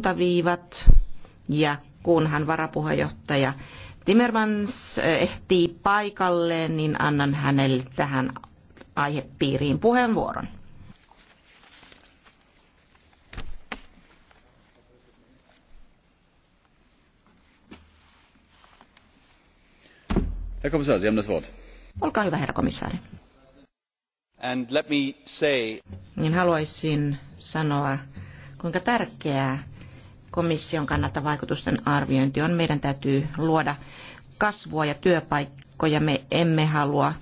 suuntaviivat ja kunhan varapuheenjohtaja Timmermans eh, ehtii paikalle, niin annan hänelle tähän aihepiiriin puheenvuoron. Herr Kommissar, Sie haben das Wort. Olkaa hyvä, herra komissaari. And let me say... Niin haluaisin sanoa, kuinka tärkeää komission kannalta vaikutusten arviointi on. Meidän täytyy luoda kasvua ja työpaikkoja. Me emme halua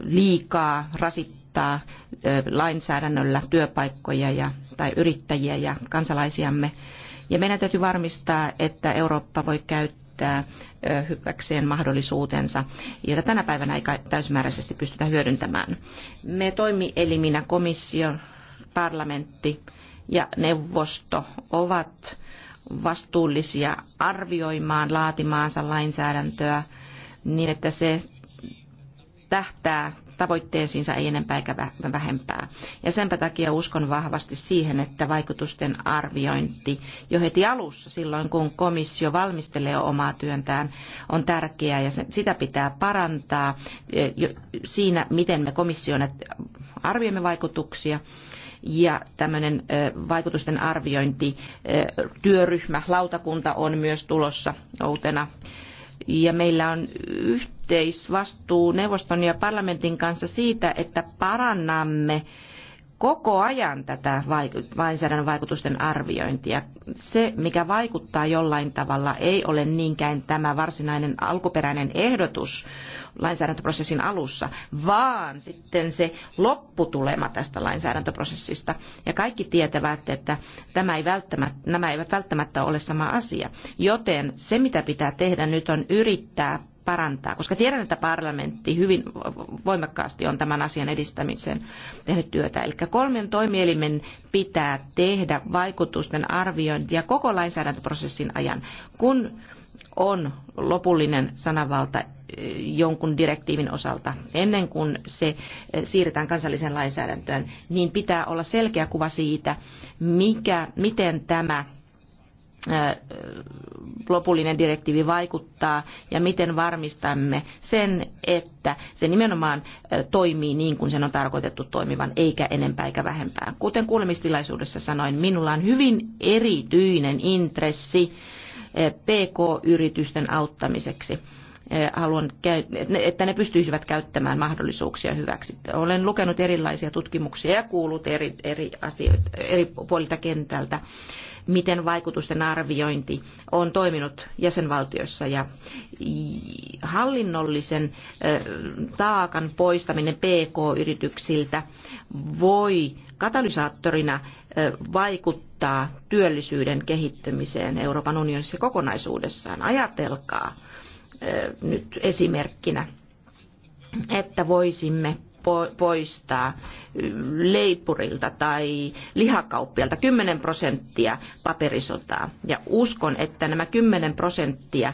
liikaa rasittaa lainsäädännöllä työpaikkoja ja, tai yrittäjiä ja kansalaisiamme. Ja meidän täytyy varmistaa, että Eurooppa voi käyttää hyväkseen mahdollisuutensa, jota tänä päivänä ei täysimääräisesti pystytä hyödyntämään. Me toimieliminä komissio, parlamentti ja neuvosto ovat vastuullisia arvioimaan laatimaansa lainsäädäntöä niin, että se tähtää tavoitteisiinsa ei enempää eikä vähempää. Ja senpä takia uskon vahvasti siihen, että vaikutusten arviointi jo heti alussa, silloin kun komissio valmistelee omaa työntään, on tärkeää ja sitä pitää parantaa eh, siinä, miten me komissiona arvioimme vaikutuksia ja tämmöinen vaikutusten arviointi, työryhmä, lautakunta on myös tulossa outena. Ja meillä on yhteisvastuu neuvoston ja parlamentin kanssa siitä, että parannamme koko ajan tätä lainsäädännön vaikutusten arviointia. Se, mikä vaikuttaa jollain tavalla, ei ole niinkään tämä varsinainen alkuperäinen ehdotus lainsäädäntöprosessin alussa, vaan sitten se lopputulema tästä lainsäädäntöprosessista. Ja kaikki tietävät, että tämä ei välttämättä, nämä eivät välttämättä ole sama asia. Joten se, mitä pitää tehdä nyt, on yrittää parantaa, koska tiedän, että parlamentti hyvin voimakkaasti on tämän asian edistämisen tehnyt työtä. Eli kolmen toimielimen pitää tehdä vaikutusten arviointia koko lainsäädäntöprosessin ajan, kun on lopullinen sanavalta eh, jonkun direktiivin osalta. Ennen kuin se eh, siirretään kansalliseen lainsäädäntöön, niin pitää olla selkeä kuva siitä, mikä, miten tämä lopullinen direktiivi vaikuttaa ja miten varmistamme sen, että se nimenomaan toimii niin kuin sen on tarkoitettu toimivan, eikä enempää eikä vähempää. Kuten kuulemistilaisuudessa sanoin, minulla on hyvin erityinen intressi PK-yritysten auttamiseksi Eh, haluan, että ne pystyisivät käyttämään mahdollisuuksia hyväksi. Olen lukenut erilaisia tutkimuksia ja kuullut eri, eri, asioita, eri puolilta kentältä, miten vaikutusten arviointi on toiminut jäsenvaltioissa ja hallinnollisen taakan poistaminen PK-yrityksiltä voi katalysaattorina vaikuttaa työllisyyden kehittymiseen Euroopan unionissa kokonaisuudessaan. Ajatelkaa, nyt esimerkkinä, että voisimme poistaa leipurilta tai lihakauppialta 10 prosenttia paperisotaa. Ja uskon, että nämä 10 prosenttia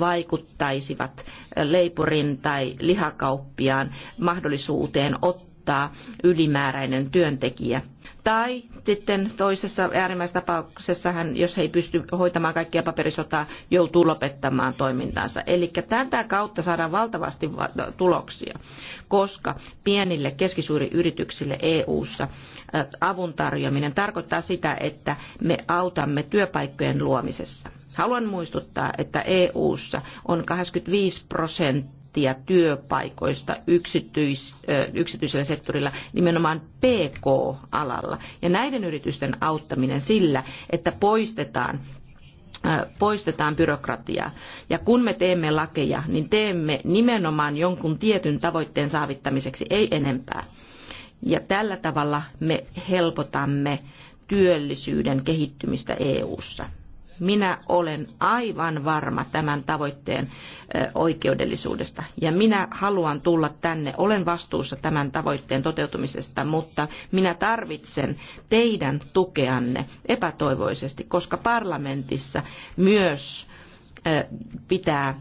vaikuttaisivat leipurin tai lihakauppiaan mahdollisuuteen ottaa ylimääräinen työntekijä tai sitten toisessa äärimmäisessä tapauksessa hän, jos he ei pysty hoitamaan kaikkia paperisotaa, joutuu lopettamaan toimintansa. Eli tätä kautta saadaan valtavasti tuloksia, koska pienille yrityksille EU-ssa äh, avun tarjoaminen tarkoittaa sitä, että me autamme työpaikkojen luomisessa. Haluan muistuttaa, että EU:ssa on 25 prosenttia prosenttia työpaikoista yksityis, yksityisellä sektorilla nimenomaan PK-alalla. Ja näiden yritysten auttaminen sillä, että poistetaan poistetaan byrokratiaa. Ja kun me teemme lakeja, niin teemme nimenomaan jonkun tietyn tavoitteen saavittamiseksi, ei enempää. Ja tällä tavalla me helpotamme työllisyyden kehittymistä EU:ssa minä olen aivan varma tämän tavoitteen oikeudellisuudesta. Ja minä haluan tulla tänne, olen vastuussa tämän tavoitteen toteutumisesta, mutta minä tarvitsen teidän tukeanne epätoivoisesti, koska parlamentissa myös pitää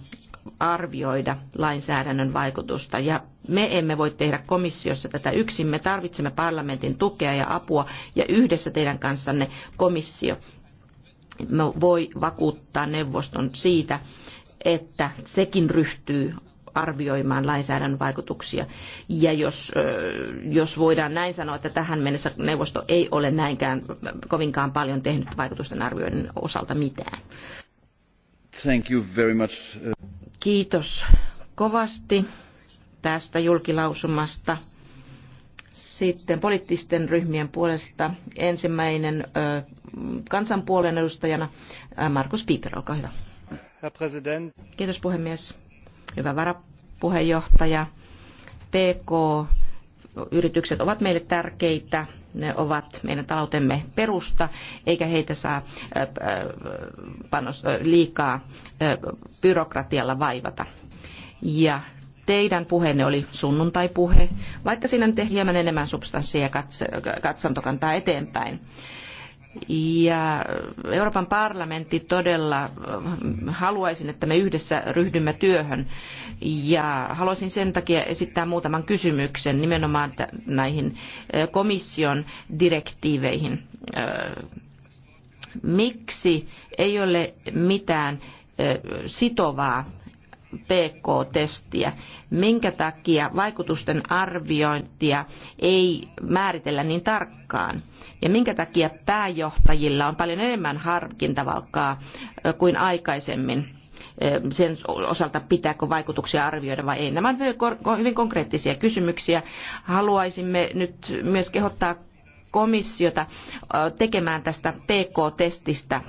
arvioida lainsäädännön vaikutusta ja me emme voi tehdä komissiossa tätä yksin. Me tarvitsemme parlamentin tukea ja apua ja yhdessä teidän kanssanne komissio No, voi vakuuttaa neuvoston siitä, että sekin ryhtyy arvioimaan lainsäädännön vaikutuksia. Ja jos, jos voidaan näin sanoa, että tähän mennessä neuvosto ei ole näinkään kovinkaan paljon tehnyt vaikutusten arvioinnin osalta mitään. Thank you very much. Kiitos kovasti tästä julkilausumasta. Sitten poliittisten ryhmien puolesta ensimmäinen kansanpuolen edustajana äh, Markus Pieper, olkaa hyvä. Kiitos puhemies. Hyvä varapuheenjohtaja. PK-yritykset ovat meille tärkeitä ne ovat meidän taloutemme perusta, eikä heitä saa äh, äh, panos, liikaa byrokratialla vaivata. Ja teidän puheenne oli sunnuntai-puhe, vaikka siinä nyt hieman enemmän substanssia ja katsantokantaa eteenpäin. Ja Euroopan parlamentti todella haluaisin, että me yhdessä ryhdymme työhön. Ja haluaisin sen takia esittää muutaman kysymyksen nimenomaan näihin komission direktiiveihin. Miksi ei ole mitään sitovaa PK-testiä. Minkä takia vaikutusten arviointia ei määritellä niin tarkkaan? Ja minkä takia pääjohtajilla on paljon enemmän harkintavalkaa kuin aikaisemmin? sen osalta, pitääkö vaikutuksia arvioida vai ei. Nämä ovat hyvin konkreettisia kysymyksiä. Haluaisimme nyt myös kehottaa komissiota tekemään tästä PK-testistä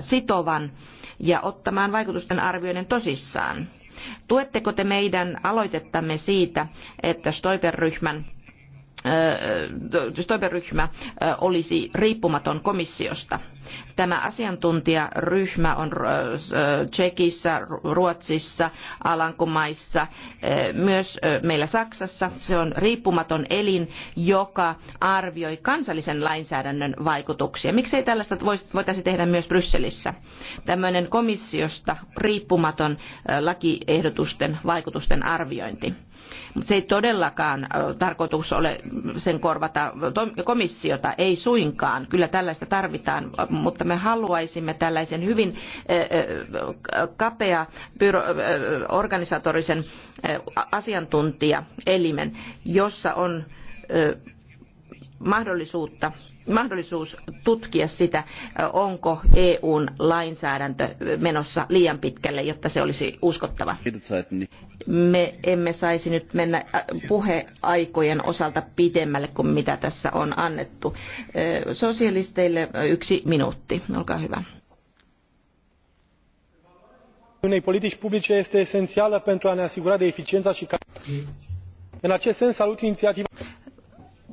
sitovan ja ottamaan vaikutusten arvioinnin tosissaan. Tuetteko te meidän aloitettamme siitä, että Stoiber-ryhmän Stoiberryhmä olisi riippumaton komissiosta. Tämä asiantuntijaryhmä on Tsekissä, Ruotsissa, Alankomaissa, myös meillä Saksassa. Se on riippumaton elin, joka arvioi kansallisen lainsäädännön vaikutuksia. Miksei tällaista voitaisi tehdä myös Brysselissä? Tämmöinen komissiosta riippumaton lakiehdotusten vaikutusten arviointi mutta se ei todellakaan tarkoitus ole sen korvata komissiota, ei suinkaan. Kyllä tällaista tarvitaan, mutta me haluaisimme tällaisen hyvin kapea organisatorisen asiantuntijaelimen, jossa on mahdollisuutta mahdollisuus tutkia sitä, onko EUn lainsäädäntö menossa liian pitkälle, jotta se olisi uskottava. Me emme saisi nyt mennä äh, puheaikojen osalta pidemmälle kuin mitä tässä on annettu. Äh, sosialisteille yksi minuutti. Olkaa hyvä unei politici publice este esențială pentru a ne asigura de eficiența și în acest sens salut inițiativa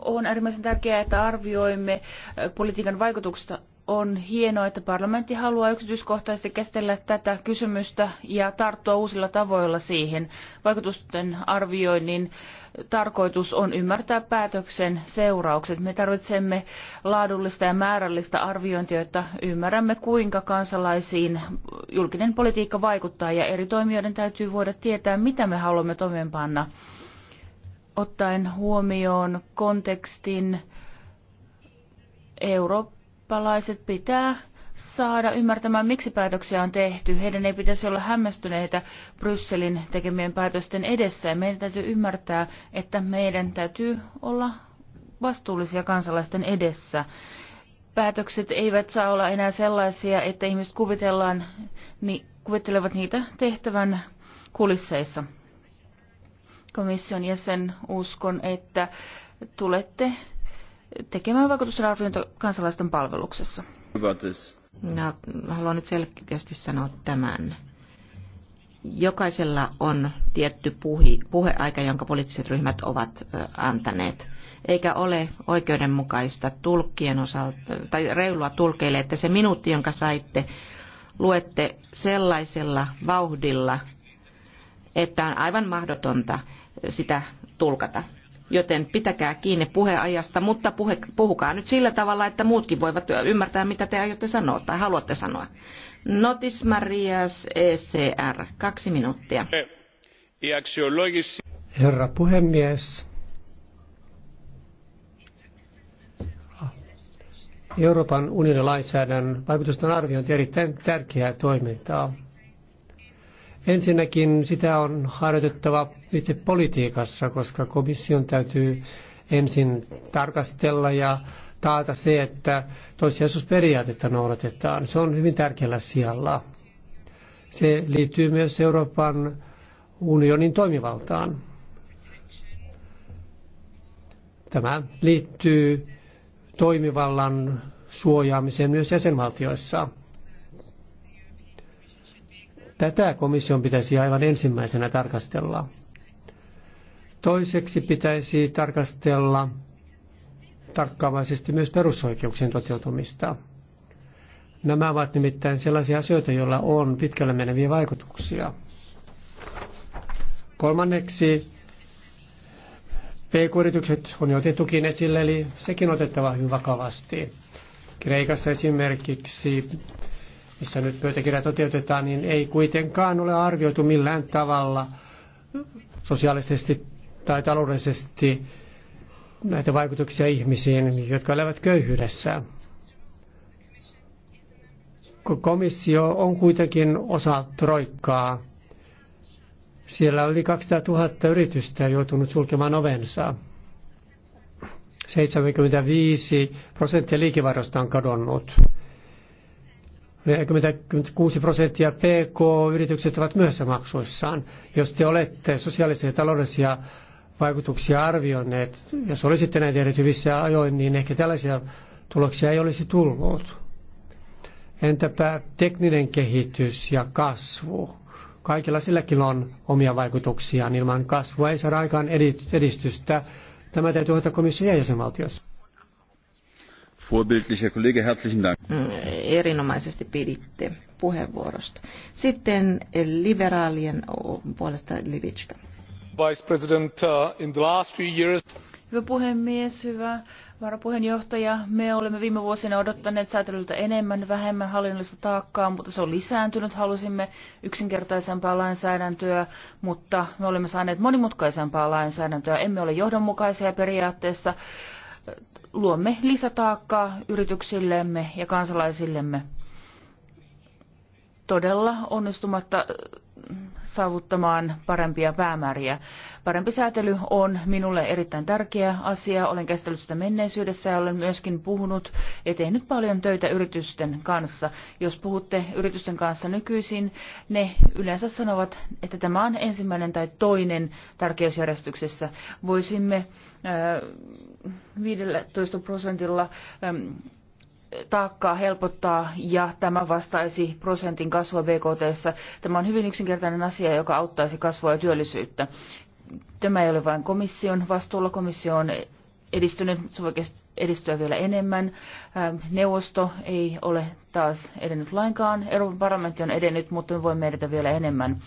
on äärimmäisen tärkeää, että arvioimme äh, politiikan vaikutuksesta. On hienoa, että parlamentti haluaa yksityiskohtaisesti käsitellä tätä kysymystä ja tarttua uusilla tavoilla siihen. Vaikutusten arvioinnin äh, tarkoitus on ymmärtää päätöksen seuraukset. Me tarvitsemme laadullista ja määrällistä arviointia, jotta ymmärrämme, kuinka kansalaisiin julkinen politiikka vaikuttaa ja eri toimijoiden täytyy voida tietää, mitä me haluamme toimeenpanna ottaen huomioon kontekstin eurooppalaiset pitää saada ymmärtämään, miksi päätöksiä on tehty. Heidän ei pitäisi olla hämmästyneitä Brysselin tekemien päätösten edessä. Ja meidän täytyy ymmärtää, että meidän täytyy olla vastuullisia kansalaisten edessä. Päätökset eivät saa olla enää sellaisia, että ihmiset kuvitellaan, niin, kuvittelevat niitä tehtävän kulisseissa komission jäsen, uskon, että tulette tekemään vaikutusarviointia kansalaisten palveluksessa. No, haluan nyt selkeästi sanoa tämän. Jokaisella on tietty puhi, puheaika, jonka poliittiset ryhmät ovat antaneet. Eikä ole oikeudenmukaista tulkkien osalta, tai reilua tulkeille, että se minuutti, jonka saitte, luette sellaisella vauhdilla, että on aivan mahdotonta sitä tulkata. Joten pitäkää kiinni puheajasta, mutta puhe, puhukaa nyt sillä tavalla, että muutkin voivat ymmärtää, mitä te aiotte sanoa tai haluatte sanoa. Notis Marias ECR, kaksi minuuttia. Herra puhemies, Euroopan unionin lainsäädännön vaikutusten arviointi on erittäin tärkeää toimintaa. Ensinnäkin sitä on harjoitettava itse politiikassa, koska komission täytyy ensin tarkastella ja taata se, että toissijaisuusperiaatetta noudatetaan. Se on hyvin tärkeällä sijalla. Se liittyy myös Euroopan unionin toimivaltaan. Tämä liittyy toimivallan suojaamiseen myös jäsenvaltioissa. Tätä komission pitäisi aivan ensimmäisenä tarkastella. Toiseksi pitäisi tarkastella tarkkaavaisesti myös perusoikeuksien toteutumista. Nämä ovat nimittäin sellaisia asioita, joilla on pitkälle meneviä vaikutuksia. Kolmanneksi PK-yritykset on jo otettukin esille, eli sekin otettava hyvin vakavasti. Kreikassa esimerkiksi missä nyt pöytäkirja toteutetaan, niin ei kuitenkaan ole arvioitu millään tavalla sosiaalisesti tai taloudellisesti näitä vaikutuksia ihmisiin, jotka elävät köyhyydessä. Komissio on kuitenkin osa troikkaa. Siellä oli 200 000 yritystä joutunut sulkemaan ovensa. 75 prosenttia liikevaihdosta on kadonnut. 46 prosenttia PK-yritykset ovat myöhässä maksuissaan. Jos te olette sosiaalisia ja taloudellisia vaikutuksia arvioineet, jos olisitte näitä tehneet hyvissä ajoin, niin ehkä tällaisia tuloksia ei olisi tullut. Entäpä tekninen kehitys ja kasvu? Kaikilla silläkin on omia vaikutuksiaan. Ilman kasvua ei saada aikaan edistystä. Tämä täytyy ottaa komission ja jäsenvaltiossa. Kollege, herzlichen Dank. Mm, erinomaisesti piditte puheenvuorosta. Sitten eh, liberaalien puolesta Livitska. Vice President, uh, in the last few years... Hyvä puhemies, hyvä varapuheenjohtaja. Me olemme viime vuosina odottaneet säätelyltä enemmän, vähemmän hallinnollista taakkaa, mutta se on lisääntynyt. Halusimme yksinkertaisempaa lainsäädäntöä, mutta me olemme saaneet monimutkaisempaa lainsäädäntöä. Emme ole johdonmukaisia periaatteessa luomme lisätaakkaa yrityksillemme ja kansalaisillemme todella onnistumatta äh, saavuttamaan parempia päämääriä. Parempi säätely on minulle erittäin tärkeä asia. Olen käsitellyt sitä menneisyydessä ja olen myöskin puhunut ja tehnyt paljon töitä yritysten kanssa. Jos puhutte yritysten kanssa nykyisin, ne yleensä sanovat, että tämä on ensimmäinen tai toinen tärkeysjärjestyksessä. Voisimme 15 äh, prosentilla taakkaa helpottaa ja tämä vastaisi prosentin kasvua BKT. Tämä on hyvin yksinkertainen asia, joka auttaisi kasvua ja työllisyyttä. Tämä ei ole vain komission vastuulla. Komissio on edistynyt, se voi edistyä vielä enemmän. Ähm, neuvosto ei ole taas edennyt lainkaan. Euroopan parlamentti on edennyt, mutta me voimme edetä vielä enemmän.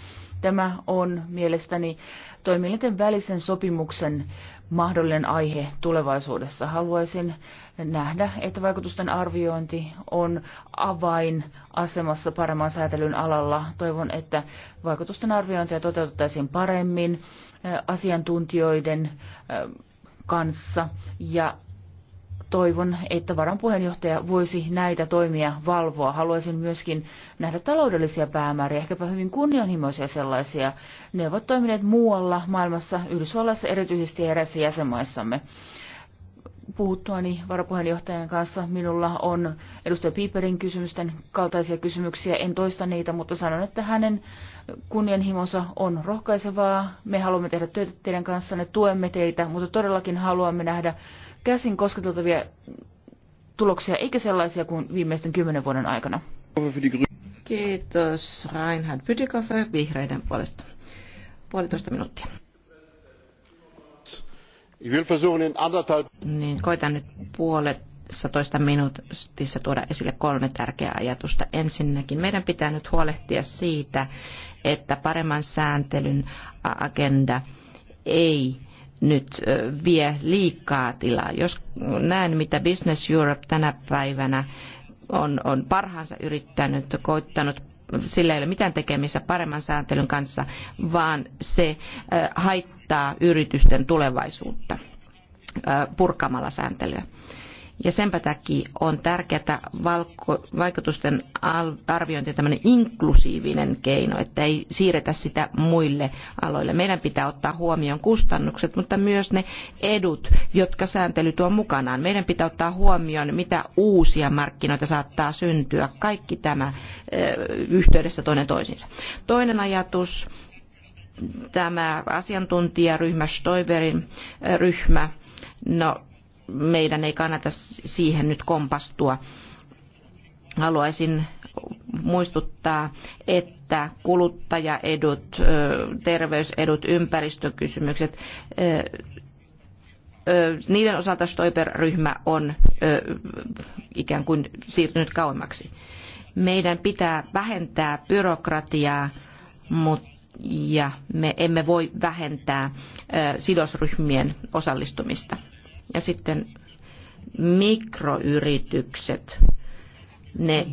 Tämä on mielestäni toimielinten välisen sopimuksen äh, mahdollinen aihe tulevaisuudessa. Haluaisin nähdä, että vaikutusten arviointi on avain asemassa paremman säätelyn alalla. Toivon, että vaikutusten arviointia toteutettaisiin paremmin asiantuntijoiden kanssa ja toivon, että varan puheenjohtaja voisi näitä toimia valvoa. Haluaisin myöskin nähdä taloudellisia päämääriä, ehkäpä hyvin kunnianhimoisia sellaisia. Ne ovat toimineet muualla maailmassa, Yhdysvalloissa erityisesti eräissä jäsenmaissamme. Puhuttuani varapuheenjohtajan kanssa minulla on edustaja Piperin kysymysten kaltaisia kysymyksiä. En toista niitä, mutta sanon, että hänen kunnianhimonsa on rohkaisevaa. Me haluamme tehdä työtä teidän kanssanne, tuemme teitä, mutta todellakin haluamme nähdä käsin kosketeltavia tuloksia, eikä sellaisia kuin viimeisten kymmenen vuoden aikana. Kiitos Reinhard Pytikofer vihreiden puolesta. Puolitoista minuuttia. Niin, koitan nyt puolessa toista minuutissa tuoda esille kolme tärkeää ajatusta. Ensinnäkin meidän pitää nyt huolehtia siitä, että paremman sääntelyn agenda ei nyt vie liikaa tilaa. Jos näen, mitä Business Europe tänä päivänä on, on parhaansa yrittänyt, koittanut sillä ei ole mitään tekemistä paremman sääntelyn kanssa, vaan se haittaa yritysten tulevaisuutta purkamalla sääntelyä. Ja senpä takia on tärkeää vaikutusten arviointi tämmöinen inklusiivinen keino, että ei siirretä sitä muille aloille. Meidän pitää ottaa huomioon kustannukset, mutta myös ne edut, jotka sääntely tuo mukanaan. Meidän pitää ottaa huomioon, mitä uusia markkinoita saattaa syntyä. Kaikki tämä yhteydessä toinen toisiinsa. Toinen ajatus, tämä asiantuntijaryhmä, Stoiberin ryhmä, no meidän ei kannata siihen nyt kompastua. Haluaisin muistuttaa, että kuluttajaedut, terveysedut, ympäristökysymykset, niiden osalta Stoiber-ryhmä on ikään kuin siirtynyt kauemmaksi. Meidän pitää vähentää byrokratiaa, mutta ja me emme voi vähentää sidosryhmien osallistumista. Ja sitten mikroyritykset, ne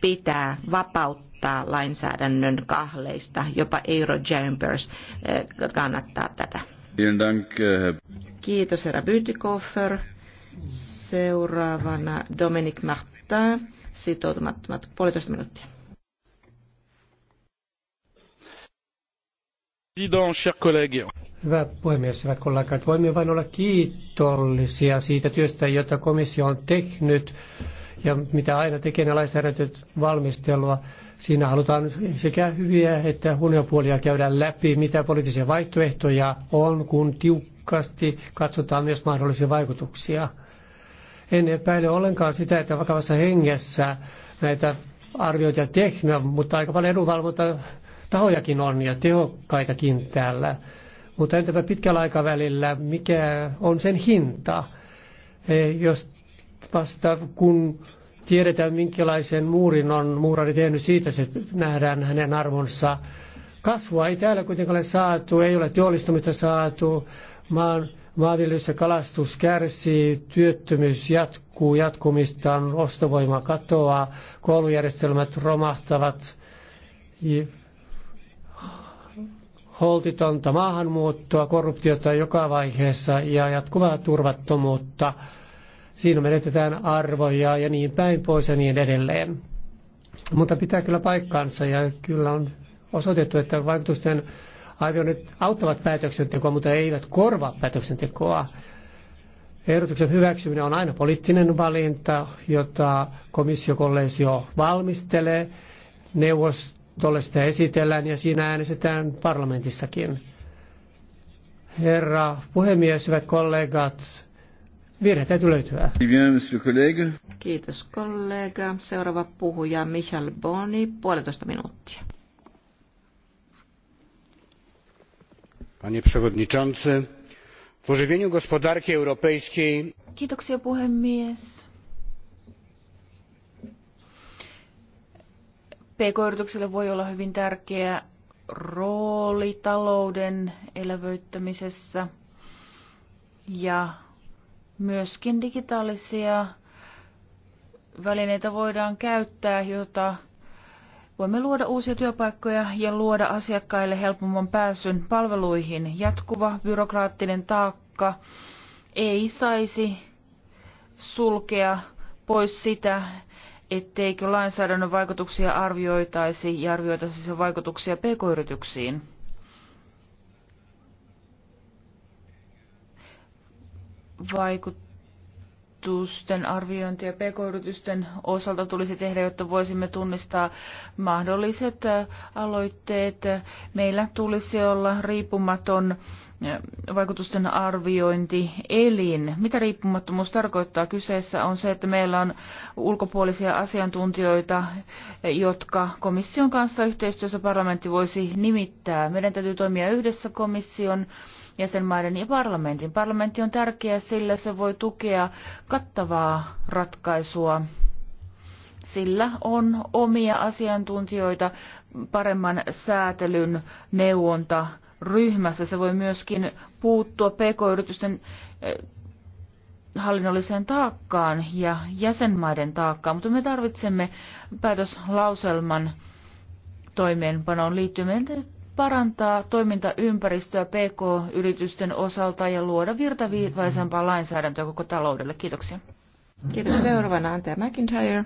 pitää vapauttaa lainsäädännön kahleista. Jopa Eero Chambers eh, kannattaa tätä. Eh, Kiitos herra Bytikoffer. Seuraavana Dominic Martin, sitoutumattomat puolitoista minuuttia. Président, chers collègues. Hyvä puhemies, hyvät kollegat. Voimme vain olla kiitollisia siitä työstä, jota komissio on tehnyt ja mitä aina tekee valmistelua. Siinä halutaan sekä hyviä että huonoja puolia käydä läpi, mitä poliittisia vaihtoehtoja on, kun tiukasti katsotaan myös mahdollisia vaikutuksia. En epäile ollenkaan sitä, että vakavassa hengessä näitä arvioita tehdään, mutta aika paljon edunvalvonta tahojakin on ja tehokkaitakin täällä. Mutta entäpä pitkällä aikavälillä, mikä on sen hinta? E, jos vasta kun tiedetään, minkälaisen muurin on muurari tehnyt, siitä se nähdään hänen arvonsa. Kasvua ei täällä kuitenkaan ole saatu, ei ole työllistämistä saatu, maan maanviljelys ja kalastus kärsii, työttömyys jatkuu on ostovoima katoaa, koulujärjestelmät romahtavat, holtitonta maahanmuuttoa, korruptiota joka vaiheessa ja jatkuvaa turvattomuutta. Siinä menetetään arvoja ja niin päin pois ja niin edelleen. Mutta pitää kyllä paikkaansa ja kyllä on osoitettu, että vaikutusten arvioinnit auttavat päätöksentekoa, mutta eivät korvaa päätöksentekoa. Ehdotuksen hyväksyminen on aina poliittinen valinta, jota komissiokollegio valmistelee. Neuvosto Tuolle sitä esitellään ja siinä äänestetään parlamentissakin. Herra puhemies, hyvät kollegat, virhe täytyy löytyä. Kiitos kollega. Seuraava puhuja Michel Boni, puolitoista minuuttia. Panie przewodniczący, w ożywieniu gospodarki europejskiej... Kiitoksia puhemies PK-yritykselle voi olla hyvin tärkeä rooli talouden elävöittämisessä ja myöskin digitaalisia välineitä voidaan käyttää, jota voimme luoda uusia työpaikkoja ja luoda asiakkaille helpomman pääsyn palveluihin. Jatkuva byrokraattinen taakka ei saisi sulkea pois sitä, etteikö lainsäädännön vaikutuksia arvioitaisi ja arvioitaisi sen vaikutuksia pk-yrityksiin? Vaikut vaikutusten arviointia pk-yritysten osalta tulisi tehdä, jotta voisimme tunnistaa mahdolliset aloitteet. Meillä tulisi olla riippumaton vaikutusten arviointielin. Mitä riippumattomuus tarkoittaa? Kyseessä on se, että meillä on ulkopuolisia asiantuntijoita, jotka komission kanssa yhteistyössä parlamentti voisi nimittää. Meidän täytyy toimia yhdessä komission jäsenmaiden ja parlamentin. Parlamentti on tärkeä, sillä se voi tukea kattavaa ratkaisua. Sillä on omia asiantuntijoita paremman säätelyn neuvonta ryhmässä. Se voi myöskin puuttua pk-yritysten eh, hallinnolliseen taakkaan ja jäsenmaiden taakkaan, mutta me tarvitsemme päätöslauselman toimeenpanoon liittyen parantaa toimintaympäristöä PK-yritysten osalta ja luoda virtaviivaisempaa lainsäädäntöä koko taloudelle. Kiitoksia. Kiitos. Seuraavana Antea McIntyre.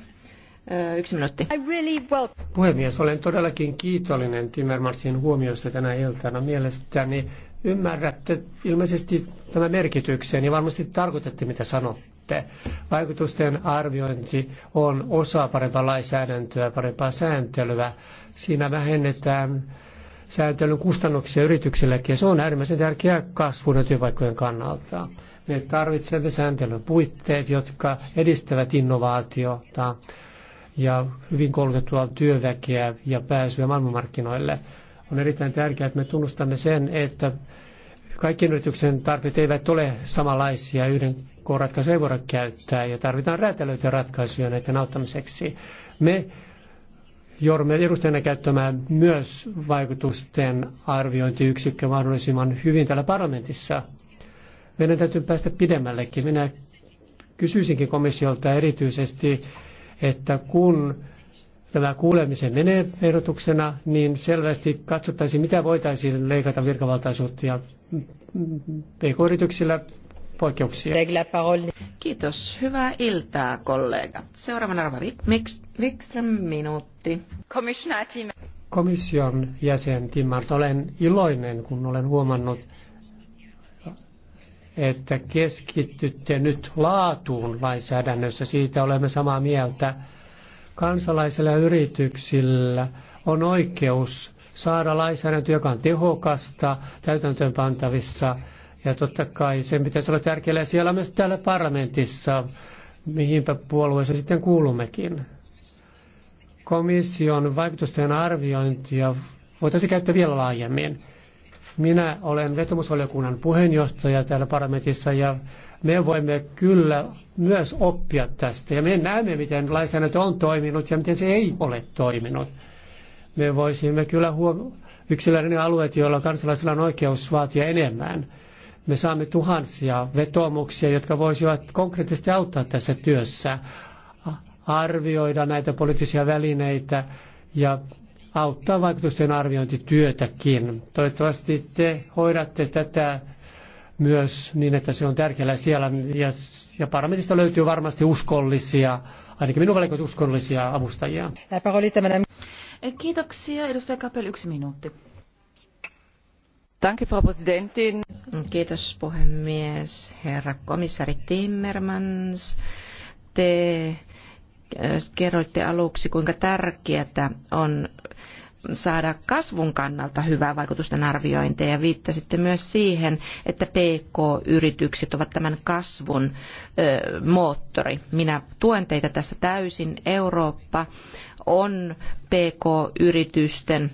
Yksi minuutti. Really well... Puhemies, olen todellakin kiitollinen Timmermansin huomioista tänä iltana. Mielestäni ymmärrätte ilmeisesti tämän merkityksen ja varmasti tarkoitatte, mitä sanotte. Vaikutusten arviointi on osa parempaa lainsäädäntöä, parempaa sääntelyä. Siinä vähennetään sääntelyn kustannuksia Ja Se on äärimmäisen tärkeää kasvun ja työpaikkojen kannalta. Me tarvitsemme sääntelyn puitteet, jotka edistävät innovaatiota ja hyvin koulutettua työväkeä ja pääsyä maailmanmarkkinoille. On erittäin tärkeää, että me tunnustamme sen, että kaikkien yrityksen tarpeet eivät ole samanlaisia. Yhden ratkaisuja ei voida käyttää ja tarvitaan räätälöityjä ratkaisuja näiden auttamiseksi. Me Jorme edustajana käyttämään myös vaikutusten arviointiyksikkö mahdollisimman hyvin täällä parlamentissa. Meidän täytyy päästä pidemmällekin. Minä kysyisinkin komissiolta erityisesti, että kun tämä kuulemisen menee ehdotuksena, niin selvästi katsottaisiin, mitä voitaisiin leikata virkavaltaisuutta ja pk-yrityksillä poikkeuksia. Kiitos. Hyvää iltaa, kollega. Seuraavana Rova Wikström, minuutti. Komission jäsen Timmart, olen iloinen, kun olen huomannut, että keskittytte nyt laatuun lainsäädännössä. Siitä olemme samaa mieltä. Kansalaisilla ja yrityksillä on oikeus saada lainsäädäntö, joka on tehokasta, täytäntöön pantavissa – ja totta kai sen pitäisi olla tärkeää siellä myös täällä parlamentissa, mihinpä puolueessa sitten kuulummekin. Komission vaikutusten arviointia voitaisiin käyttää vielä laajemmin. Minä olen vetomusvaliokunnan puheenjohtaja täällä parlamentissa ja me voimme kyllä myös oppia tästä. Ja me näemme, miten lainsäädäntö on toiminut ja miten se ei ole toiminut. Me voisimme kyllä huomioida yksilöiden alueet, joilla kansalaisilla on oikeus vaatia enemmän. Me saamme tuhansia vetomuksia, jotka voisivat konkreettisesti auttaa tässä työssä, arvioida näitä poliittisia välineitä ja auttaa vaikutusten arviointityötäkin. Toivottavasti te hoidatte tätä myös niin, että se on tärkeällä siellä. Ja, ja parlamentista löytyy varmasti uskollisia, ainakin minun valikoit uskollisia avustajia. Kiitoksia. Edustaja Kapel, yksi minuutti. Frau Präsidentin. Kiitos puhemies. Herra komissaari Timmermans, te äh, kerroitte aluksi, kuinka tärkeää on saada kasvun kannalta hyvää vaikutusten arviointia ja viittasitte myös siihen, että PK-yritykset ovat tämän kasvun ö, moottori. Minä tuen teitä tässä täysin. Eurooppa on PK-yritysten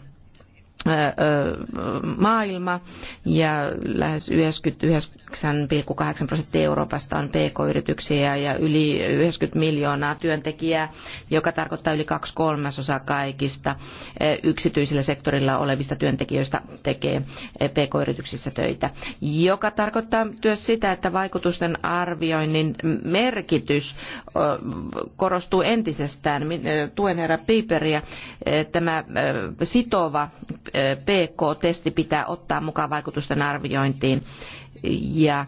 maailma ja lähes 99,8 prosenttia Euroopasta on pk-yrityksiä ja yli 90 miljoonaa työntekijää, joka tarkoittaa yli kaksi kolmasosaa kaikista yksityisellä sektorilla olevista työntekijöistä tekee pk-yrityksissä töitä, joka tarkoittaa myös sitä, että vaikutusten arvioinnin merkitys korostuu entisestään. Tuen herra Piiperiä tämä sitova PK-testi pitää ottaa mukaan vaikutusten arviointiin ja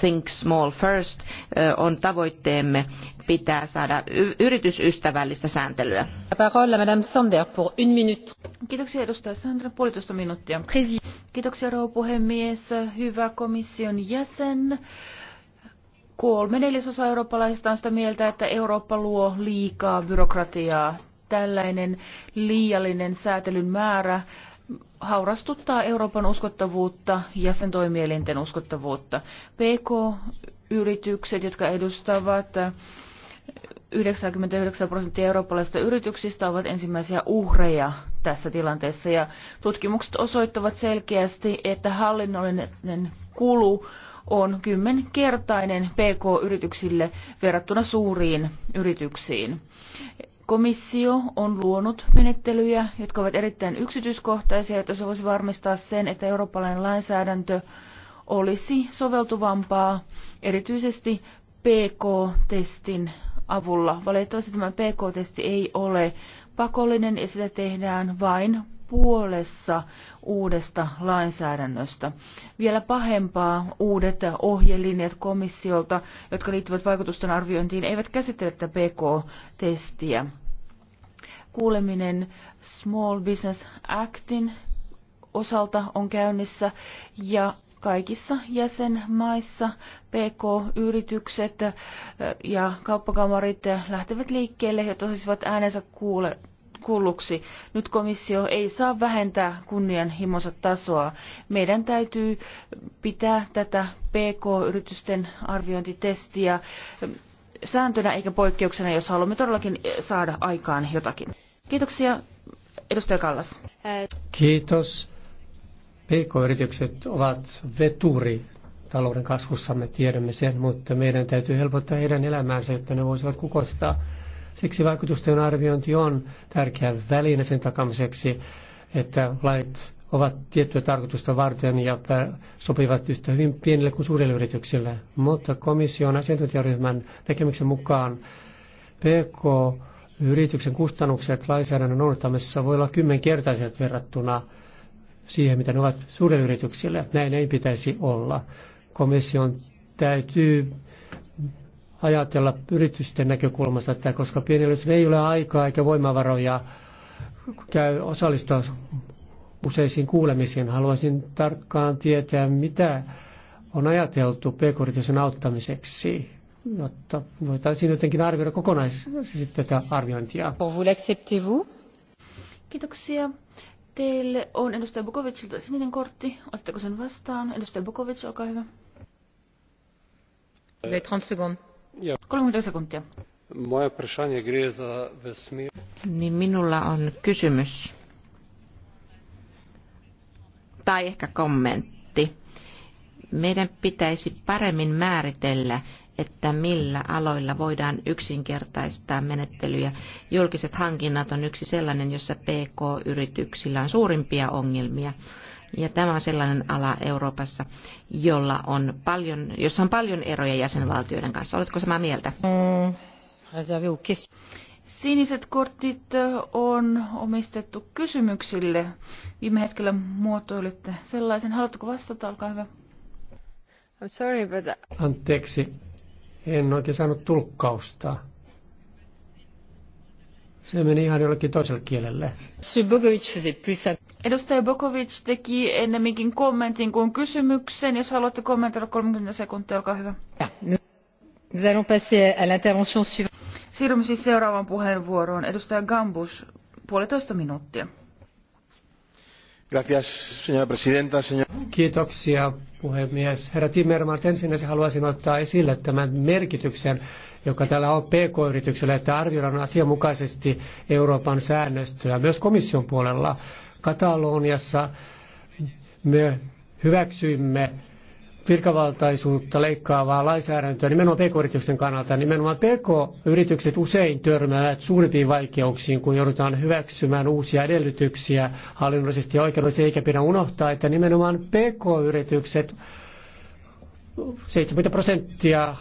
Think Small First on tavoitteemme pitää saada yritysystävällistä sääntelyä. Kiitoksia edustaja Sandra, puolitoista minuuttia. Kiitoksia rouva puhemies, hyvä komission jäsen. Kolme neljäsosa eurooppalaisista on sitä mieltä, että Eurooppa luo liikaa byrokratiaa tällainen liiallinen säätelyn määrä haurastuttaa Euroopan uskottavuutta ja sen toimielinten uskottavuutta. PK-yritykset, jotka edustavat 99 prosenttia eurooppalaisista yrityksistä ovat ensimmäisiä uhreja tässä tilanteessa ja tutkimukset osoittavat selkeästi, että hallinnollinen kulu on kymmenkertainen PK-yrityksille verrattuna suuriin yrityksiin. Komissio on luonut menettelyjä, jotka ovat erittäin yksityiskohtaisia, jotta se voisi varmistaa sen, että eurooppalainen lainsäädäntö olisi soveltuvampaa erityisesti PK-testin avulla. Valitettavasti tämä PK-testi ei ole pakollinen ja sitä tehdään vain puolessa uudesta lainsäädännöstä. Vielä pahempaa uudet ohjelinjat komissiolta, jotka liittyvät vaikutusten arviointiin, eivät käsittele tätä PK-testiä. Kuuleminen Small Business Actin osalta on käynnissä ja kaikissa jäsenmaissa PK-yritykset ja kauppakamarit lähtevät liikkeelle, jotta saisivat äänensä kuule kulluksi. Nyt komissio ei saa vähentää kunnianhimonsa tasoa. Meidän täytyy pitää tätä PK-yritysten arviointitestiä sääntönä eikä poikkeuksena, jos haluamme todellakin saada aikaan jotakin. Kiitoksia, edustaja Kallas. Kiitos. PK-yritykset ovat veturi talouden kasvussa me tiedämme sen, mutta meidän täytyy helpottaa heidän elämäänsä, jotta ne voisivat kukoistaa. Siksi vaikutusten arviointi on tärkeä väline sen takamiseksi, että lait ovat tiettyä tarkoitusta varten ja sopivat yhtä hyvin pienille kuin suurille yrityksille. Mutta komission asiantuntijaryhmän näkemyksen mukaan PK-yrityksen kustannukset lainsäädännön noudattamisessa voi olla kymmenkertaiset verrattuna siihen, mitä ne ovat suurille yrityksille. Näin ei pitäisi olla. Komission täytyy ajatella yritysten näkökulmasta että koska pienillä ei ole aikaa eikä voimavaroja käy osallistua useisiin kuulemisiin. Haluaisin tarkkaan tietää, mitä on ajateltu pk auttamiseksi, jotta voitaisiin jotenkin arvioida kokonaisesti tätä arviointia. Kiitoksia. Teille on edustaja Bukovicilta sininen kortti. Otatteko sen vastaan? Edustaja Bukovic, olkaa hyvä. 30 sekuntia. 30 sekuntia. Moja prešanje Niin minulla on kysymys. Tai ehkä kommentti. Meidän pitäisi paremmin määritellä, että millä aloilla voidaan yksinkertaistaa menettelyjä. Julkiset hankinnat on yksi sellainen, jossa PK-yrityksillä on suurimpia ongelmia ja tämä on sellainen ala Euroopassa, jolla on paljon, jossa on paljon eroja jäsenvaltioiden kanssa. Oletko samaa mieltä? Mm, Siniset kortit on omistettu kysymyksille. Viime hetkellä muotoilitte sellaisen. Haluatteko vastata? Olkaa hyvä. I'm sorry, but... Uh, Anteeksi, en oikein saanut tulkkausta. Se meni ihan jollekin toiselle kielelle. Edustaja Bokovic teki ennemminkin kommentin kuin kysymyksen. Jos haluatte kommentoida 30 sekuntia, olkaa hyvä. Siirrymme siis seuraavaan puheenvuoroon. Edustaja Gambus, puolitoista minuuttia. Kiitoksia puhemies. Herra Timmermans, ensinnäkin haluaisin ottaa esille tämän merkityksen, joka täällä on PK-yrityksellä, että arvioidaan asianmukaisesti Euroopan säännöstöä myös komission puolella Kataloniassa me hyväksyimme virkavaltaisuutta leikkaavaa lainsäädäntöä nimenomaan pk yrityksen kannalta. Nimenomaan pk-yritykset usein törmäävät suurimpiin vaikeuksiin, kun joudutaan hyväksymään uusia edellytyksiä hallinnollisesti ja oikeudellisesti, eikä pidä unohtaa, että nimenomaan pk-yritykset 70 prosenttia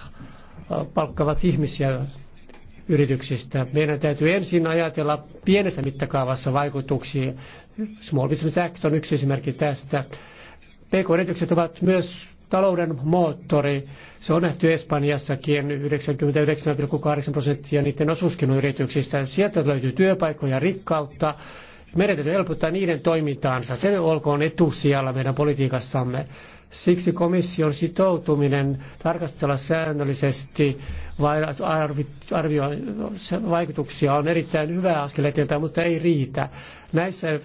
palkkaavat ihmisiä yrityksistä. Meidän täytyy ensin ajatella pienessä mittakaavassa vaikutuksia. Small Business Act on yksi esimerkki tästä. PK-yritykset ovat myös talouden moottori. Se on nähty Espanjassakin 99,8 prosenttia niiden osuuskin yrityksistä. Sieltä löytyy työpaikkoja, rikkautta. Meidän täytyy helpottaa niiden toimintaansa. Se olkoon etusijalla meidän politiikassamme. Siksi komission sitoutuminen tarkastella säännöllisesti vaikutuksia on erittäin hyvä askel eteenpäin, mutta ei riitä. Näissä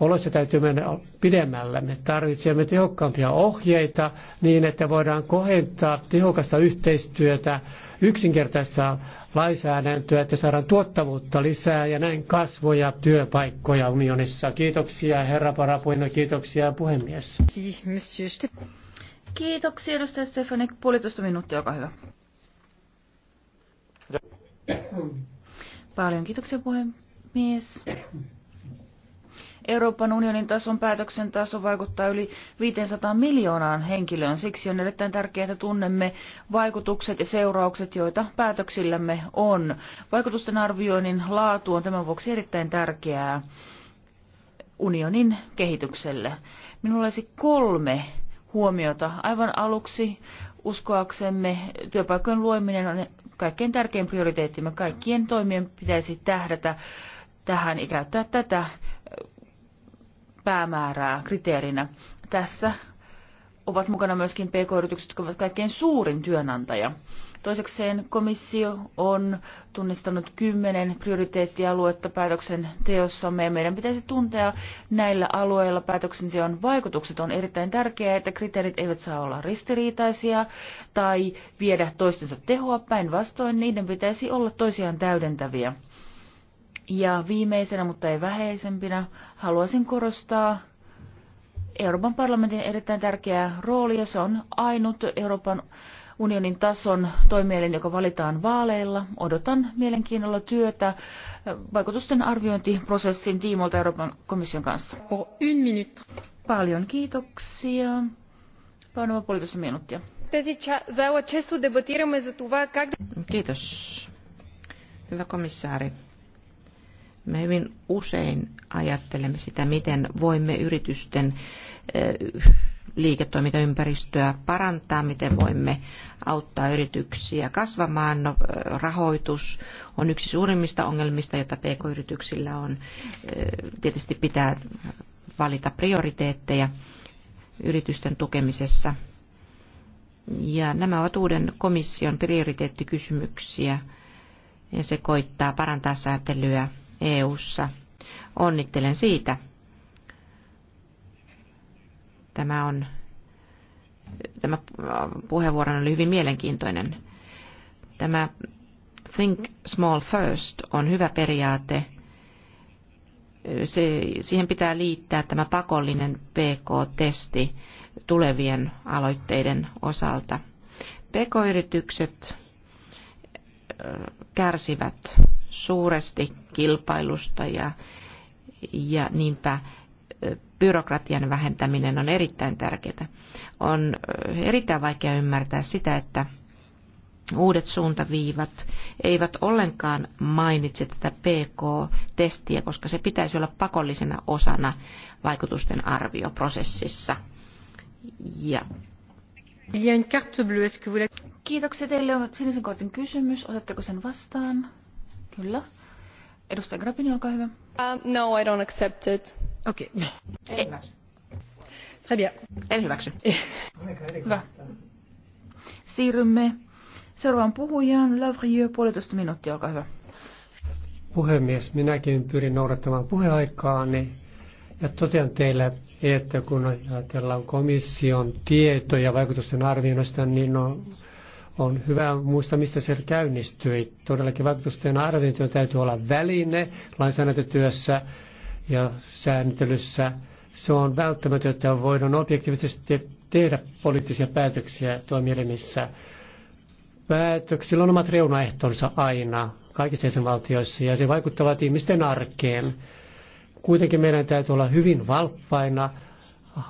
oloissa täytyy mennä pidemmälle. Me tarvitsemme tehokkaampia ohjeita niin, että voidaan kohentaa tehokasta yhteistyötä, yksinkertaistaa lainsäädäntöä, että saadaan tuottavuutta lisää ja näin kasvoja työpaikkoja unionissa. Kiitoksia herra Parapuino, kiitoksia puhemies. Kiitoksia edustaja Stefanik, puolitoista minuuttia, olkaa hyvä. Paljon kiitoksia puhemies. Euroopan unionin tason päätöksen taso vaikuttaa yli 500 miljoonaan henkilöön. Siksi on erittäin tärkeää, että tunnemme vaikutukset ja seuraukset, joita päätöksillämme on. Vaikutusten arvioinnin laatu on tämän vuoksi erittäin tärkeää unionin kehitykselle. Minulla olisi kolme huomiota. Aivan aluksi uskoaksemme työpaikkojen luominen on kaikkein tärkein prioriteettimme. Kaikkien toimien pitäisi tähdätä tähän ja käyttää tätä päämäärää kriteerinä. Tässä ovat mukana myöskin pk-yritykset, jotka ovat kaikkein suurin työnantaja. Toisekseen komissio on tunnistanut kymmenen prioriteettialuetta teossamme ja meidän pitäisi tuntea näillä alueilla päätöksenteon vaikutukset. On erittäin tärkeää, että kriteerit eivät saa olla ristiriitaisia tai viedä toistensa tehoa päinvastoin, niiden pitäisi olla toisiaan täydentäviä. Ja viimeisenä, mutta ei vähäisempinä, haluaisin korostaa Euroopan parlamentin erittäin tärkeää roolia. Se on ainut Euroopan unionin tason toimielin, joka valitaan vaaleilla. Odotan mielenkiinnolla työtä vaikutusten arviointiprosessin tiimolta Euroopan komission kanssa. Oh, Paljon kiitoksia. Painava puolitoista minuuttia. Kiitos. Hyvä komissaari. Me hyvin usein ajattelemme sitä, miten voimme yritysten liiketoimintaympäristöä parantaa, miten voimme auttaa yrityksiä kasvamaan. No, rahoitus on yksi suurimmista ongelmista, jota pk-yrityksillä on. Tietysti pitää valita prioriteetteja yritysten tukemisessa. Ja nämä ovat uuden komission prioriteettikysymyksiä ja se koittaa parantaa säätelyä EU:ssa. Onnittelen siitä. Tämä, on, tämä puheenvuoro oli hyvin mielenkiintoinen. Tämä Think Small First on hyvä periaate. Se, siihen pitää liittää tämä pakollinen PK-testi tulevien aloitteiden osalta. PK-yritykset kärsivät suuresti kilpailusta ja, ja niinpä byrokratian vähentäminen on erittäin tärkeää. On erittäin vaikea ymmärtää sitä, että uudet suuntaviivat eivät ollenkaan mainitse tätä PK-testiä, koska se pitäisi olla pakollisena osana vaikutusten arvioprosessissa. Ja Kiitoksia teille. On sinisen kortin kysymys. Otatteko sen vastaan? Kyllä. Edustaja Grappini, olkaa hyvä. Uh, no, I don't accept it. Okei. Okay. En eh. hyväksy. En hyväksy. Hyvä. Siirrymme seuraavaan puhujaan. Lavrieux, puolitoista minuuttia, olkaa hyvä. Puhemies, minäkin pyrin noudattamaan puheaikaani ja totean teille, että kun ajatellaan komission tietoja vaikutusten arvioinnista, niin on no, on hyvä muistaa, mistä se käynnistyi. Todellakin vaikutusten arviointi täytyy olla väline lainsäädäntötyössä ja sääntelyssä. Se on välttämätöntä, että voidaan objektiivisesti tehdä poliittisia päätöksiä toimielimissä. Päätöksillä on omat reunaehtonsa aina kaikissa jäsenvaltioissa ja se vaikuttavat ihmisten arkeen. Kuitenkin meidän täytyy olla hyvin valppaina.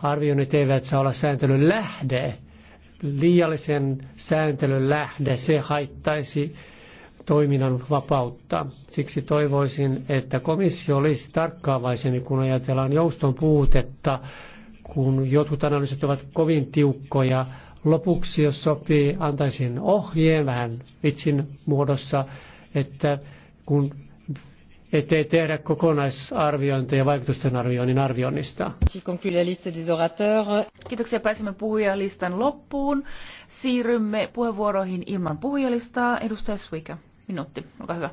Arvioinnit eivät saa olla sääntelyn lähde, liiallisen sääntelyn lähde, se haittaisi toiminnan vapautta. Siksi toivoisin, että komissio olisi tarkkaavaisempi, kun ajatellaan jouston puutetta, kun jotkut analyysit ovat kovin tiukkoja. Lopuksi, jos sopii, antaisin ohjeen vähän vitsin muodossa, että kun ettei tehdä kokonaisarviointeja vaikutusten arvioinnin arvioinnista. Kiitoksia. Pääsemme puhujalistan loppuun. Siirrymme puheenvuoroihin ilman puhujalistaa. Edustaja Suika, minuutti. Olkaa hyvä.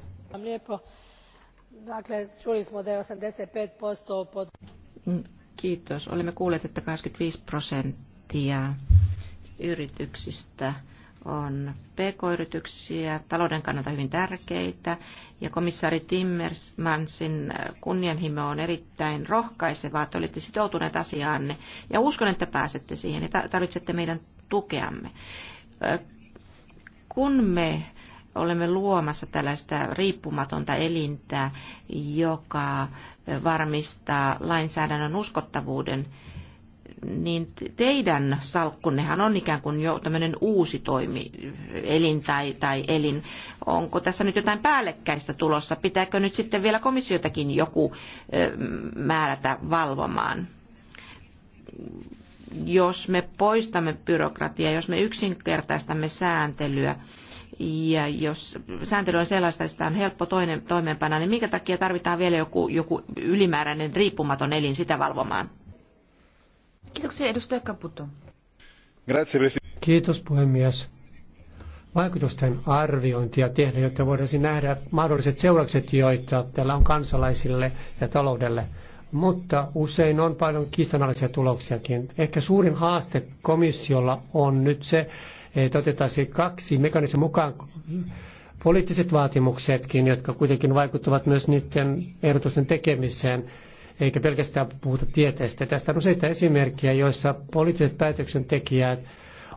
Kiitos. Olemme kuulleet, että 25 prosenttia yrityksistä on pk-yrityksiä, talouden kannalta hyvin tärkeitä, ja komissaari Timmermansin kunnianhimo on erittäin rohkaisevaa. että olette sitoutuneet asiaanne, ja uskon, että pääsette siihen, ja tarvitsette meidän tukeamme. Kun me olemme luomassa tällaista riippumatonta elintä, joka varmistaa lainsäädännön uskottavuuden, niin teidän salkkunnehan on ikään kuin jo tämmöinen uusi toimi, elin tai, tai elin. Onko tässä nyt jotain päällekkäistä tulossa? Pitääkö nyt sitten vielä komissiotakin joku määrätä valvomaan? Jos me poistamme byrokratiaa, jos me yksinkertaistamme sääntelyä, ja jos sääntely on sellaista, että sitä on helppo toinen, toimeenpana, niin minkä takia tarvitaan vielä joku, joku ylimääräinen riippumaton elin sitä valvomaan? Kiitoksia edustaja Kaputo. Kiitos puhemies. Vaikutusten arviointia tehdä, jotta voidaan nähdä mahdolliset seuraukset, joita tällä on kansalaisille ja taloudelle. Mutta usein on paljon kiistanalaisia tuloksiakin. Ehkä suurin haaste komissiolla on nyt se, että otettaisiin kaksi mekanismia mukaan poliittiset vaatimuksetkin, jotka kuitenkin vaikuttavat myös niiden ehdotusten tekemiseen eikä pelkästään puhuta tieteestä. Tästä on useita esimerkkejä, joissa poliittiset päätöksentekijät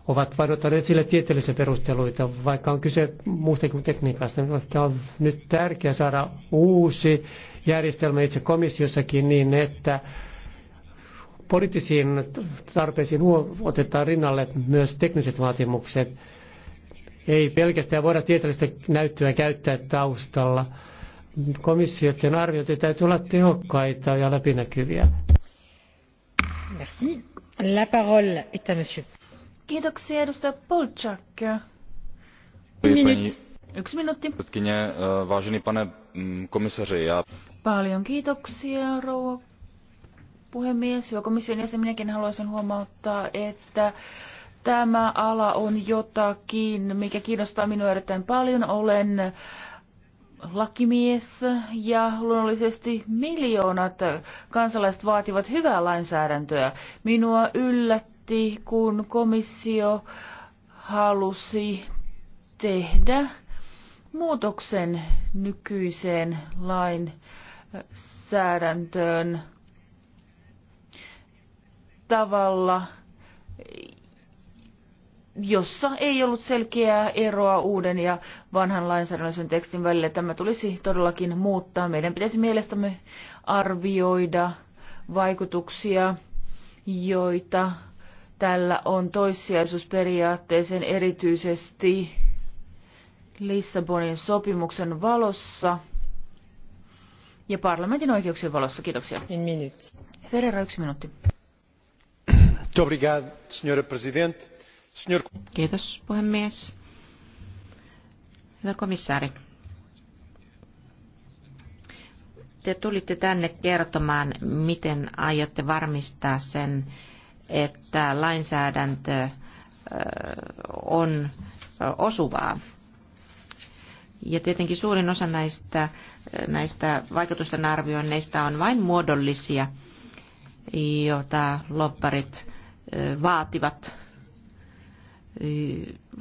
ovat vain ottaneet sille tieteellisiä perusteluita, vaikka on kyse muustakin kuin tekniikasta. Vaikka on nyt tärkeää saada uusi järjestelmä itse komissiossakin niin, että poliittisiin tarpeisiin otetaan rinnalle myös tekniset vaatimukset. Ei pelkästään voida tieteellistä näyttöä käyttää taustalla komissiokin arviointi täytyy olla tehokkaita ja läpinäkyviä. Merci. La parole est à monsieur. Kiitoksia edustaja Polchak. Minuutti. Yksi minuutti. Eh, vážený pane mm, komisaři, ja... Paljon kiitoksia, rouva puhemies. Hyvä komission jäsen, minäkin haluaisin huomauttaa, että tämä ala on jotakin, mikä kiinnostaa minua erittäin paljon. Olen lakimies ja luonnollisesti miljoonat kansalaiset vaativat hyvää lainsäädäntöä. Minua yllätti, kun komissio halusi tehdä muutoksen nykyiseen lainsäädäntöön tavalla, jossa ei ollut selkeää eroa uuden ja vanhan lainsäädännöllisen tekstin välillä. Tämä tulisi todellakin muuttaa. Meidän pitäisi mielestämme arvioida vaikutuksia, joita tällä on toissijaisuusperiaatteeseen erityisesti Lissabonin sopimuksen valossa ja parlamentin oikeuksien valossa. Kiitoksia. In minute. Ferreira, yksi minuutti. Obrigado, senhora presidente Kiitos puhemies. Hyvä komissaari. Te tulitte tänne kertomaan, miten aiotte varmistaa sen, että lainsäädäntö on osuvaa. Ja tietenkin suurin osa näistä, näistä vaikutusten arvioinneista on vain muodollisia, joita lopparit vaativat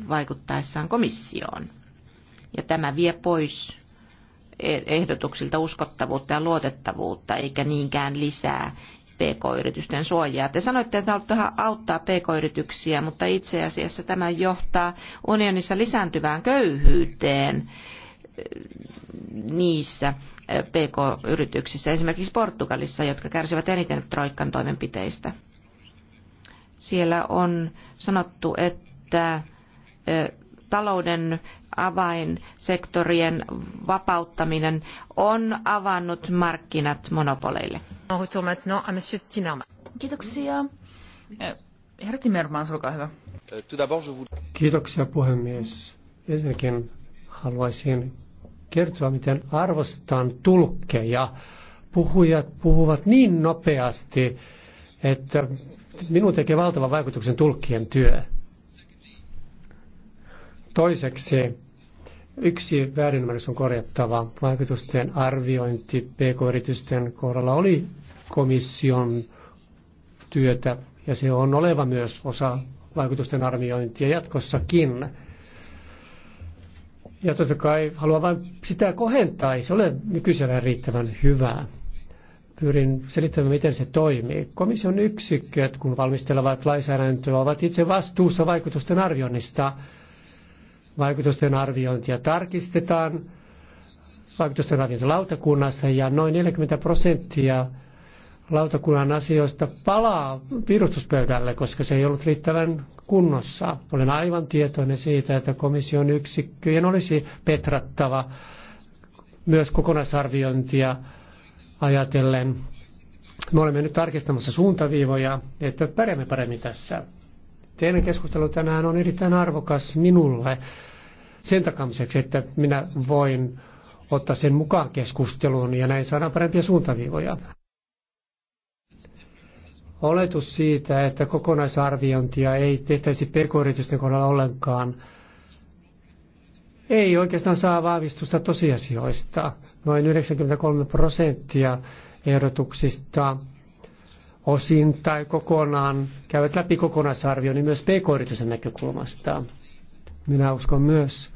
vaikuttaessaan komissioon. Ja tämä vie pois e, ehdotuksilta uskottavuutta ja luotettavuutta, eikä niinkään lisää pk-yritysten suojaa. Te sanoitte, että haluatte auttaa pk-yrityksiä, mutta itse asiassa tämä johtaa unionissa lisääntyvään köyhyyteen e, niissä e, pk-yrityksissä, esimerkiksi Portugalissa, jotka kärsivät eniten Troikan toimenpiteistä. Siellä on sanottu, että että talouden avainsektorien vapauttaminen on avannut markkinat monopoleille. Kiitoksia. Herra Timmermans, olkaa hyvä. Kiitoksia puhemies. Ensinnäkin haluaisin kertoa, miten arvostan tulkkeja. Puhujat puhuvat niin nopeasti, että minun tekee valtavan vaikutuksen tulkkien työ. Toiseksi yksi väärinymmärrys on korjattava. Vaikutusten arviointi pk-yritysten kohdalla oli komission työtä ja se on oleva myös osa vaikutusten arviointia jatkossakin. Ja totta kai haluan vain sitä kohentaa, ei se ole nykyisellä riittävän hyvää. Pyrin selittämään, miten se toimii. Komission yksiköt, kun valmistelevat lainsäädäntöä, ovat itse vastuussa vaikutusten arvioinnista vaikutusten arviointia tarkistetaan vaikutusten arviointilautakunnassa ja noin 40 prosenttia lautakunnan asioista palaa piirustuspöydälle, koska se ei ollut riittävän kunnossa. Olen aivan tietoinen siitä, että komission yksikköjen olisi petrattava myös kokonaisarviointia ajatellen. Me olemme nyt tarkistamassa suuntaviivoja, että pärjäämme paremmin tässä. Teidän keskustelu tänään on erittäin arvokas minulle sen takamiseksi, että minä voin ottaa sen mukaan keskusteluun ja näin saadaan parempia suuntaviivoja. Oletus siitä, että kokonaisarviointia ei tehtäisi pk-yritysten kohdalla ollenkaan, ei oikeastaan saa vahvistusta tosiasioista. Noin 93 prosenttia ehdotuksista osin tai kokonaan käyvät läpi kokonaisarvioni niin myös pk-yritysten näkökulmasta. Minä uskon myös,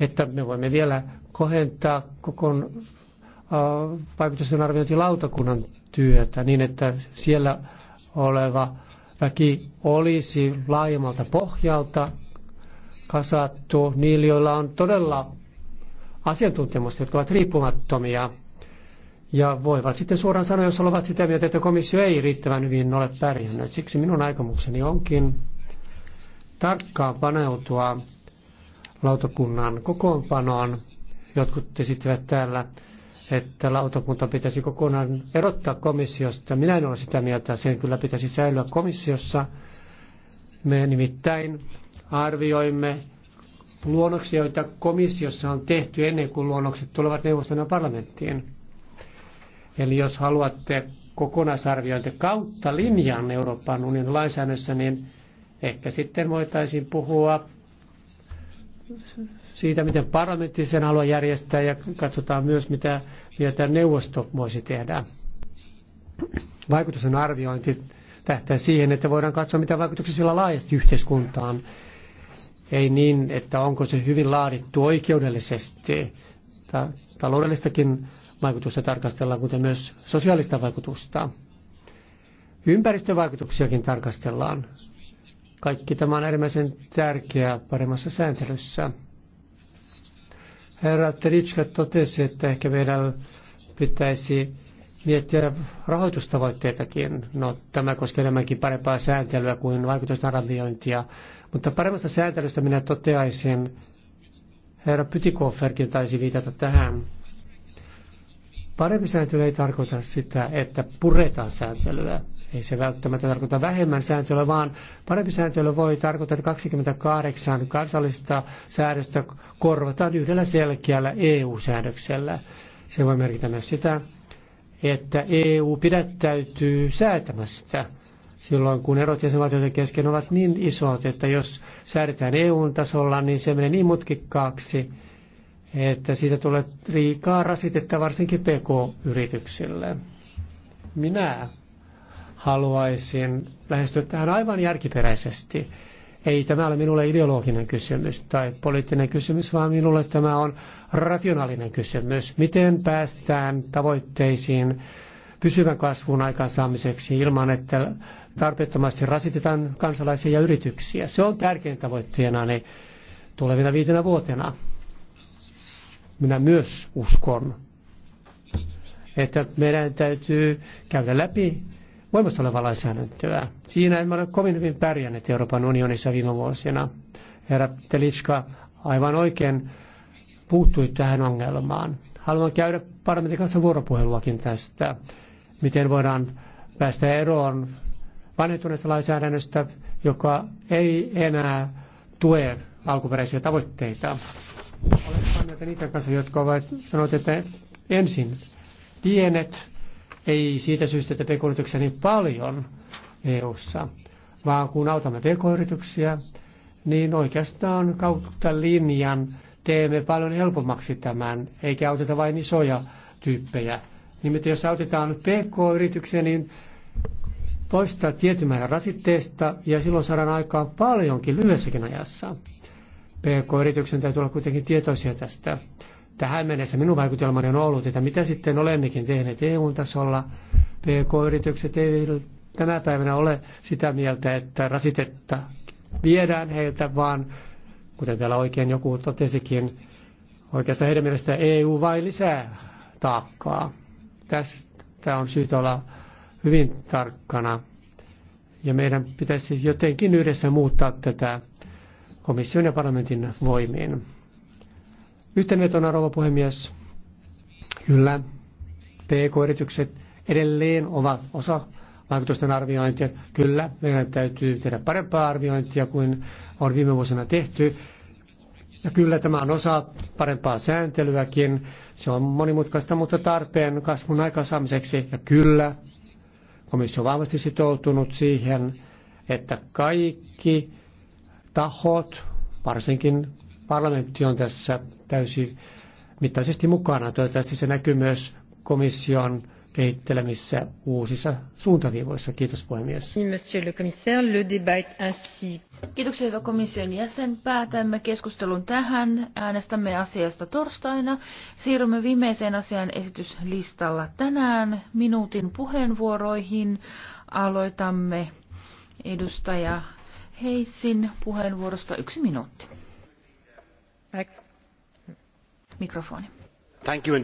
että me voimme vielä kohentaa kokon vaikutusten arviointilautakunnan työtä niin, että siellä oleva väki olisi laajemmalta pohjalta kasattu niille, joilla on todella asiantuntemusta, jotka ovat riippumattomia ja voivat sitten suoraan sanoa, jos ovat sitä mieltä, että komissio ei riittävän hyvin ole pärjännyt. Siksi minun aikomukseni onkin tarkkaan paneutua lautakunnan kokoonpanoon. Jotkut esittivät täällä, että lautakunta pitäisi kokonaan erottaa komissiosta. Minä en ole sitä mieltä, sen kyllä pitäisi säilyä komissiossa. Me nimittäin arvioimme luonnoksia, joita komissiossa on tehty ennen kuin luonnokset tulevat neuvoston ja parlamenttiin Eli jos haluatte kokonaisarviointi kautta linjan Euroopan unionin lainsäädännössä, niin ehkä sitten voitaisiin puhua siitä, miten parlamentti sen haluaa järjestää ja katsotaan myös, mitä vielä neuvosto voisi tehdä. Vaikutusten arviointi tähtää siihen, että voidaan katsoa, mitä vaikutuksia sillä laajasti yhteiskuntaan. Ei niin, että onko se hyvin laadittu oikeudellisesti. Taloudellistakin vaikutusta tarkastellaan, kuten myös sosiaalista vaikutusta. Ympäristövaikutuksiakin tarkastellaan. Kaikki tämä on äärimmäisen tärkeää paremmassa sääntelyssä. Herra Teritska totesi, että ehkä meidän pitäisi miettiä rahoitustavoitteitakin. No, tämä koskee enemmänkin parempaa sääntelyä kuin vaikutusarviointia. Mutta paremmasta sääntelystä minä toteaisin, herra Pytikofferkin taisi viitata tähän, Parempi sääntely ei tarkoita sitä, että puretaan sääntelyä. Ei se välttämättä tarkoita vähemmän sääntelyä, vaan parempi sääntely voi tarkoittaa, että 28 kansallista säädöstä korvataan yhdellä selkeällä EU-säädöksellä. Se voi merkitä myös sitä, että EU pidättäytyy säätämästä silloin, kun erot jäsenvaltioiden kesken ovat niin isot, että jos säädetään eu tasolla, niin se menee niin mutkikkaaksi, että siitä tulee liikaa rasitetta varsinkin PK-yrityksille. Minä haluaisin lähestyä tähän aivan järkiperäisesti. Ei tämä ole minulle ideologinen kysymys tai poliittinen kysymys, vaan minulle tämä on rationaalinen kysymys. Miten päästään tavoitteisiin pysyvän kasvun aikaansaamiseksi ilman, että tarpeettomasti rasitetaan kansalaisia ja yrityksiä? Se on tärkein tavoitteena tulevina viitenä vuotena minä myös uskon, että meidän täytyy käydä läpi voimassa olevaa lainsäädäntöä. Siinä emme ole kovin hyvin pärjänneet Euroopan unionissa viime vuosina. Herra Telitska aivan oikein puuttui tähän ongelmaan. Haluan käydä parlamentin kanssa vuoropuheluakin tästä, miten voidaan päästä eroon vanhentuneesta lainsäädännöstä, joka ei enää tue alkuperäisiä tavoitteita. Olen näitä niitä kanssa, jotka ovat sanoneet, että ensin pienet, ei siitä syystä, että pk niin paljon EU-ssa, vaan kun autamme pk-yrityksiä, niin oikeastaan kautta linjan teemme paljon helpommaksi tämän, eikä auteta vain isoja tyyppejä. Nimittäin jos autetaan pk-yrityksiä, niin poistaa tietyn määrän rasitteesta ja silloin saadaan aikaan paljonkin lyhyessäkin ajassa. PK-yrityksen täytyy olla kuitenkin tietoisia tästä. Tähän mennessä minun vaikutelmani on ollut, että mitä sitten olemmekin tehneet EU-tasolla. PK-yritykset eivät tänä päivänä ole sitä mieltä, että rasitetta viedään heiltä, vaan kuten täällä oikein joku totesikin, oikeastaan heidän mielestään EU vain lisää taakkaa. Tästä on syytä olla hyvin tarkkana. Ja meidän pitäisi jotenkin yhdessä muuttaa tätä komission ja parlamentin voimiin. Yhteenvetona, rouva puhemies, kyllä, PK-yritykset edelleen ovat osa vaikutusten arviointia. Kyllä, meidän täytyy tehdä parempaa arviointia kuin on viime vuosina tehty. Ja kyllä tämä on osa parempaa sääntelyäkin. Se on monimutkaista, mutta tarpeen kasvun aikaansaamiseksi. Ja kyllä, komissio on vahvasti sitoutunut siihen, että kaikki tahot, varsinkin parlamentti on tässä täysin mittaisesti mukana. Toivottavasti se näkyy myös komission kehittelemissä uusissa suuntaviivoissa. Kiitos puhemies. Monsieur le commissaire, le débat ainsi. Kiitoksia hyvä komission jäsen. Päätämme keskustelun tähän. Äänestämme asiasta torstaina. Siirrymme viimeiseen asian esityslistalla tänään minuutin puheenvuoroihin. Aloitamme edustaja Heissin puheenvuorosta yksi minuutti. Mikrofoni.